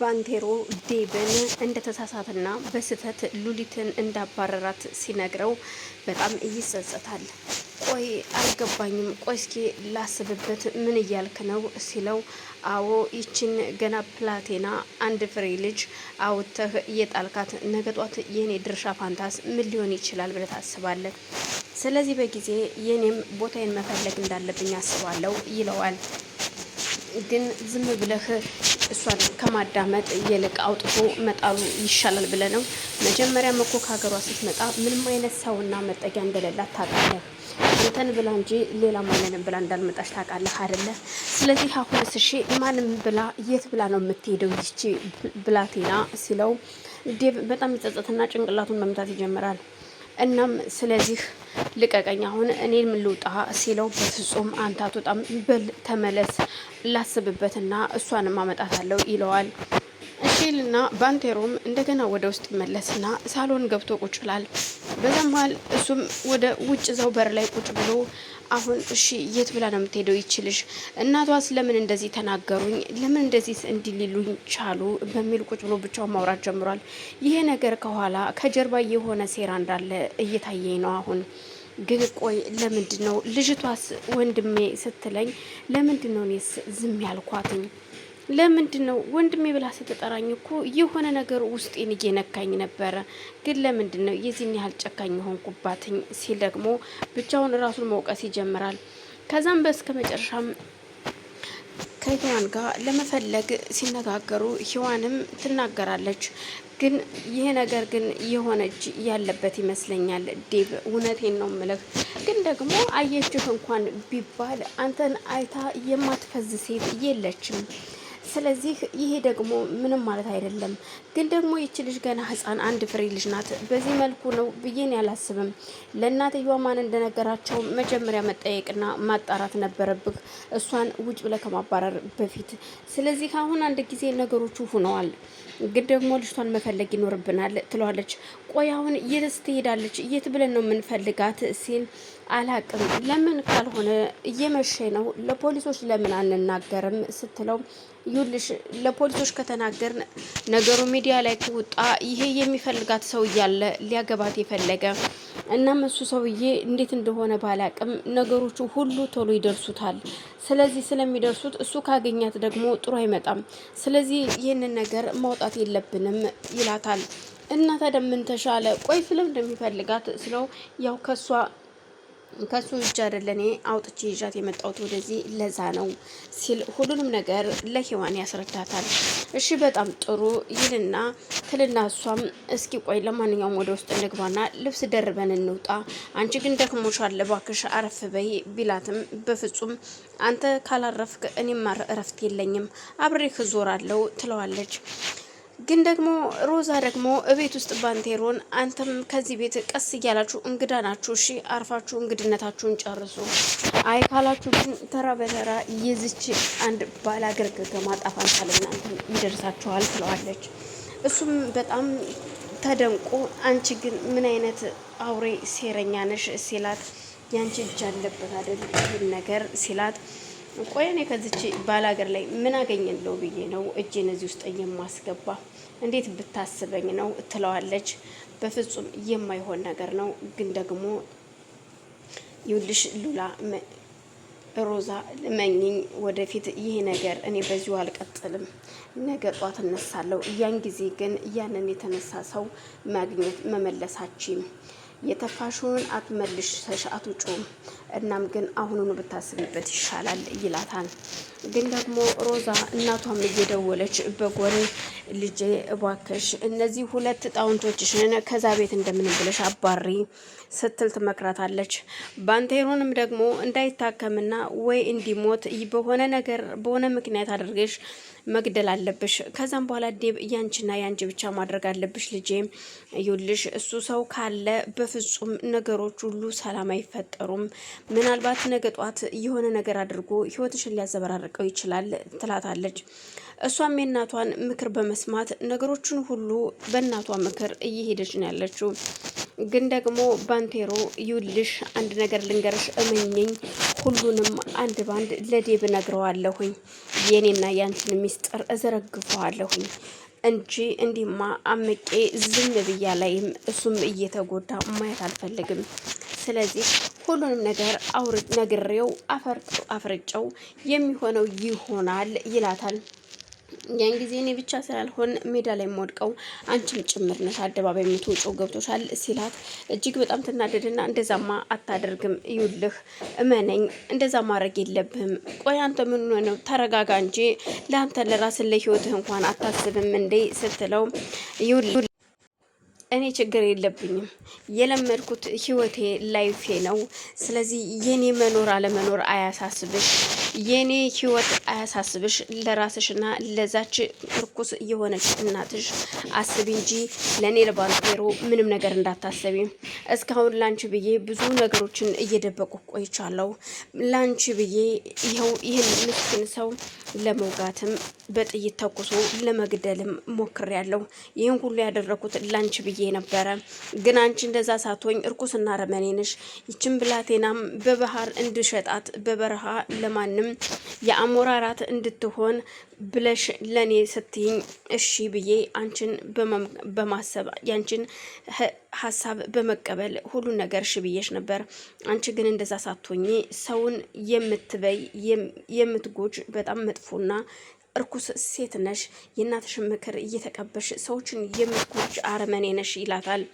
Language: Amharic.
ባንቴሮ ዴብን እንደተሳሳትና በስህተት ሉሊትን እንዳባረራት ሲነግረው በጣም ይጸጸታል። ቆይ አልገባኝም፣ ቆይ እስኪ ላስብበት፣ ምን እያልክ ነው ሲለው፣ አዎ ይችን ገና ፕላቴና አንድ ፍሬ ልጅ አውጥተህ የጣልካት ነገጧት፣ የኔ ድርሻ ፋንታስ ምን ሊሆን ይችላል ብለህ ታስባለህ? ስለዚህ በጊዜ የኔም ቦታዬን መፈለግ እንዳለብኝ አስባለሁ ይለዋል። ግን ዝም ብለህ እሷን ከማዳመጥ ይልቅ አውጥቶ መጣሉ ይሻላል ብለ ነው። መጀመሪያም እኮ ከሀገሯ ስትመጣ ምንም አይነት ሰውና መጠጊያ እንደሌላት ታውቃለህ። አንተን ብላ እንጂ ሌላ ማንንም ብላ እንዳልመጣች ታውቃለህ አይደለ? ስለዚህ አሁን ስሺ ማንም ብላ የት ብላ ነው የምትሄደው ይቺ ብላቴና ሲለው ዴቭ በጣም ይጸጸትና ጭንቅላቱን መምታት ይጀምራል። እናም ስለዚህ ልቀቀኝ አሁን እኔም ልውጣ ሲለው በፍጹም አንተ አትወጣም፣ በል ተመለስ፣ ላስብበትና እሷንም አመጣታለሁ ይለዋል። ሮቤልና ባንቴሮም እንደገና ወደ ውስጥ ይመለስና ሳሎን ገብቶ ቁጭ ይላል። በዛም መሀል እሱም ወደ ውጭ ዘው በር ላይ ቁጭ ብሎ አሁን እሺ የት ብላ ነው የምትሄደው? ይችልሽ እናቷስ ለምን እንደዚህ ተናገሩኝ? ለምን እንደዚህ እንዲሊሉኝ ቻሉ? በሚል ቁጭ ብሎ ብቻውን ማውራት ጀምሯል። ይሄ ነገር ከኋላ ከጀርባ የሆነ ሴራ እንዳለ እየታየኝ ነው አሁን ግን ቆይ ለምንድን ነው ልጅቷስ ወንድሜ ስትለኝ ለምንድን ነው እኔስ ዝም ያልኳትኝ? ለምንድን ነው ወንድሜ ብላ ስትጠራኝ እኮ የሆነ ነገር ውስጤን እየነካኝ ነበረ፣ ግን ለምንድን ነው የዚህን ያህል ጨካኝ ሆንኩባትኝ? ሲል ደግሞ ብቻውን ራሱን መውቀስ ይጀምራል። ከዛም በስከ መጨረሻም ከህዋን ጋር ለመፈለግ ሲነጋገሩ ህዋንም ትናገራለች። ግን ይሄ ነገር ግን የሆነች ያለበት ይመስለኛል ዴብ፣ እውነቴን ነው ምልህ። ግን ደግሞ አየችህ እንኳን ቢባል አንተን አይታ የማትፈዝ ሴት የለችም። ስለዚህ ይሄ ደግሞ ምንም ማለት አይደለም። ግን ደግሞ ይቺ ልጅ ገና ህፃን አንድ ፍሬ ልጅ ናት። በዚህ መልኩ ነው ብዬን ያላስብም። ለእናትየዋ ማን እንደነገራቸው መጀመሪያ መጠየቅና ማጣራት ነበረብህ እሷን ውጭ ብለህ ከማባረር በፊት። ስለዚህ አሁን አንድ ጊዜ ነገሮቹ ሆነዋል። ግን ደግሞ ልጅቷን መፈለግ ይኖርብናል ትለዋለች። ቆይ አሁን ትሄዳለች? የት ብለን ነው የምንፈልጋት ሲል አላቅም ለምን ካልሆነ እየመሸ ነው ለፖሊሶች ለምን አንናገርም? ስትለው ይሁልሽ ለፖሊሶች ከተናገር ነገሩ ሚዲያ ላይ ከወጣ ይሄ የሚፈልጋት ሰው እያለ ሊያገባት የፈለገ እናም እሱ ሰውዬ እንዴት እንደሆነ ባላቅም ነገሮቹ ሁሉ ቶሎ ይደርሱታል። ስለዚህ ስለሚደርሱት እሱ ካገኛት ደግሞ ጥሩ አይመጣም። ስለዚህ ይህንን ነገር ማውጣት የለብንም ይላታል። እና ታዲያ ምን ተሻለ? ቆይ ስለምን እንደሚፈልጋት ስለው ያው ከሷ ከሱ እጅ አይደለ እኔ አውጥቼ ይዣት የመጣሁት ወደዚህ ለዛ ነው ሲል ሁሉንም ነገር ለሔዋን ያስረዳታል። እሺ በጣም ጥሩ ይልና ትልና እሷም እስኪ ቆይ ለማንኛውም ወደ ውስጥ እንግባና ልብስ ደርበን እንውጣ፣ አንቺ ግን ደክሞሻል፣ እባክሽ አረፍ በይ ቢላትም በፍጹም አንተ ካላረፍክ እኔማ እረፍት የለኝም አብሬ አለው ትለዋለች። ግን ደግሞ ሮዛ ደግሞ እቤት ውስጥ ባንቴሮን አንተም ከዚህ ቤት ቀስ እያላችሁ እንግዳ ናችሁ፣ እሺ አርፋችሁ እንግድነታችሁን ጨርሱ። አይ ካላችሁ ግን ተራ በተራ የዝች አንድ ባላገር ገገማ ጣፋንታል እናንተም ይደርሳችኋል ትለዋለች። እሱም በጣም ተደንቆ አንቺ ግን ምን አይነት አውሬ ሴረኛ ነሽ ሲላት ያንቺ እጅ አለበት አይደል ይህን ነገር ሲላት ቆይ እኔ ከዚች ሀገር ላይ ምን አገኘለው ብዬ ነው እጄን እዚህ ውስጥ የማስገባ? እንዴት ብታስበኝ ነው ትለዋለች። በፍጹም የማይሆን ነገር ነው። ግን ደግሞ ይውልሽ ሉላ ሮዛ መኝኝ ወደፊት ይህ ነገር እኔ በዚሁ አልቀጥልም። ነገ ጧት እነሳለሁ። ያን ጊዜ ግን ያንን የተነሳ ሰው ማግኘት መመለሳችም የተፋሽውን አትመልሰሽ አትጩም፣ እናም ግን አሁኑኑ ብታስብበት ይሻላል ይላታል። ግን ደግሞ ሮዛ እናቷም እየደወለች በጎን ልጄ እባክሽ እነዚህ ሁለት ጣውንቶችሽን ከዛ ቤት እንደምን ብለሽ አባሪ ስትል ትመክራታለች። ባንቴሮንም ደግሞ እንዳይታከምና ወይ እንዲሞት በሆነ ነገር በሆነ ምክንያት አድርገሽ መግደል አለብሽ። ከዛም በኋላ ዴብ ያንቺና ያንቺ ብቻ ማድረግ አለብሽ ልጄ። ይኸውልሽ እሱ ሰው ካለ በፍጹም ነገሮች ሁሉ ሰላም አይፈጠሩም። ምናልባት ነገ ጧት የሆነ ነገር አድርጎ ህይወትሽን ሊያዘበራርቀው ይችላል ትላታለች። እሷም የእናቷን ምክር በመስማት ነገሮችን ሁሉ በእናቷ ምክር እየሄደች ነው ያለችው። ግን ደግሞ ባንቴሮ ይውልሽ፣ አንድ ነገር ልንገርሽ፣ እመኘኝ ሁሉንም አንድ ባንድ ለዴብ ነግረዋለሁኝ። የኔና ያንችን ሚስጥር እዘረግፈዋለሁኝ እንጂ እንዲማ አምቄ ዝም ብያ ላይም እሱም እየተጎዳ ማየት አልፈልግም። ስለዚህ ሁሉንም ነገር አውር ነግሬው አፈር አፍርጨው የሚሆነው ይሆናል ይላታል። ያን ጊዜ እኔ ብቻ ስላልሆን ሜዳ ላይ የምወድቀው አንቺም ጭምር ነሽ፣ አደባባይ የምትወጪው ገብቶሻል ሲላት እጅግ በጣም ትናደድና እንደዛማ አታደርግም፣ ይውልህ እመነኝ፣ እንደዛ ማድረግ የለብህም። ቆይ አንተ ምን ተረጋጋ እንጂ ለአንተ ለራስን ለህይወትህ እንኳን አታስብም እንዴ ስትለው ይውልህ እኔ ችግር የለብኝም። የለመድኩት ህይወቴ ላይፌ ነው። ስለዚህ የኔ መኖር አለመኖር አያሳስብሽ የኔ ህይወት አያሳስብሽ፣ ለራስሽና ለዛች እርኩስ የሆነች እናትሽ አስቢ እንጂ ለእኔ ለባንቴሮ ምንም ነገር እንዳታሰቢ። እስካሁን ላንቺ ብዬ ብዙ ነገሮችን እየደበቁ ቆይቻለሁ። ላንቺ ብዬ ይኸው ይህን ምስኪን ሰው ለመውጋትም በጥይት ተኩሶ ለመግደልም ሞክሬያለሁ። ይህን ሁሉ ያደረኩት ላንቺ ብዬ ነበረ። ግን አንቺ እንደዛ ሳቶኝ እርኩስና ረመኔንሽ ይችን ብላቴናም በባህር እንድሸጣት በበረሃ ለማን አሁንም የአሞራ ራት እንድትሆን ብለሽ ለእኔ ስትይኝ እሺ ብዬ አንቺን በማሰብ ያንቺን ሀሳብ በመቀበል ሁሉን ነገር እሺ ብዬሽ ነበር። አንቺ ግን እንደዛ ሳትሆኚ ሰውን የምትበይ የምትጎጅ በጣም መጥፎና እርኩስ ሴት ነሽ። የእናትሽን ምክር እየተቀበሽ ሰዎችን የምትጎጅ አረመኔ ነሽ ይላታል።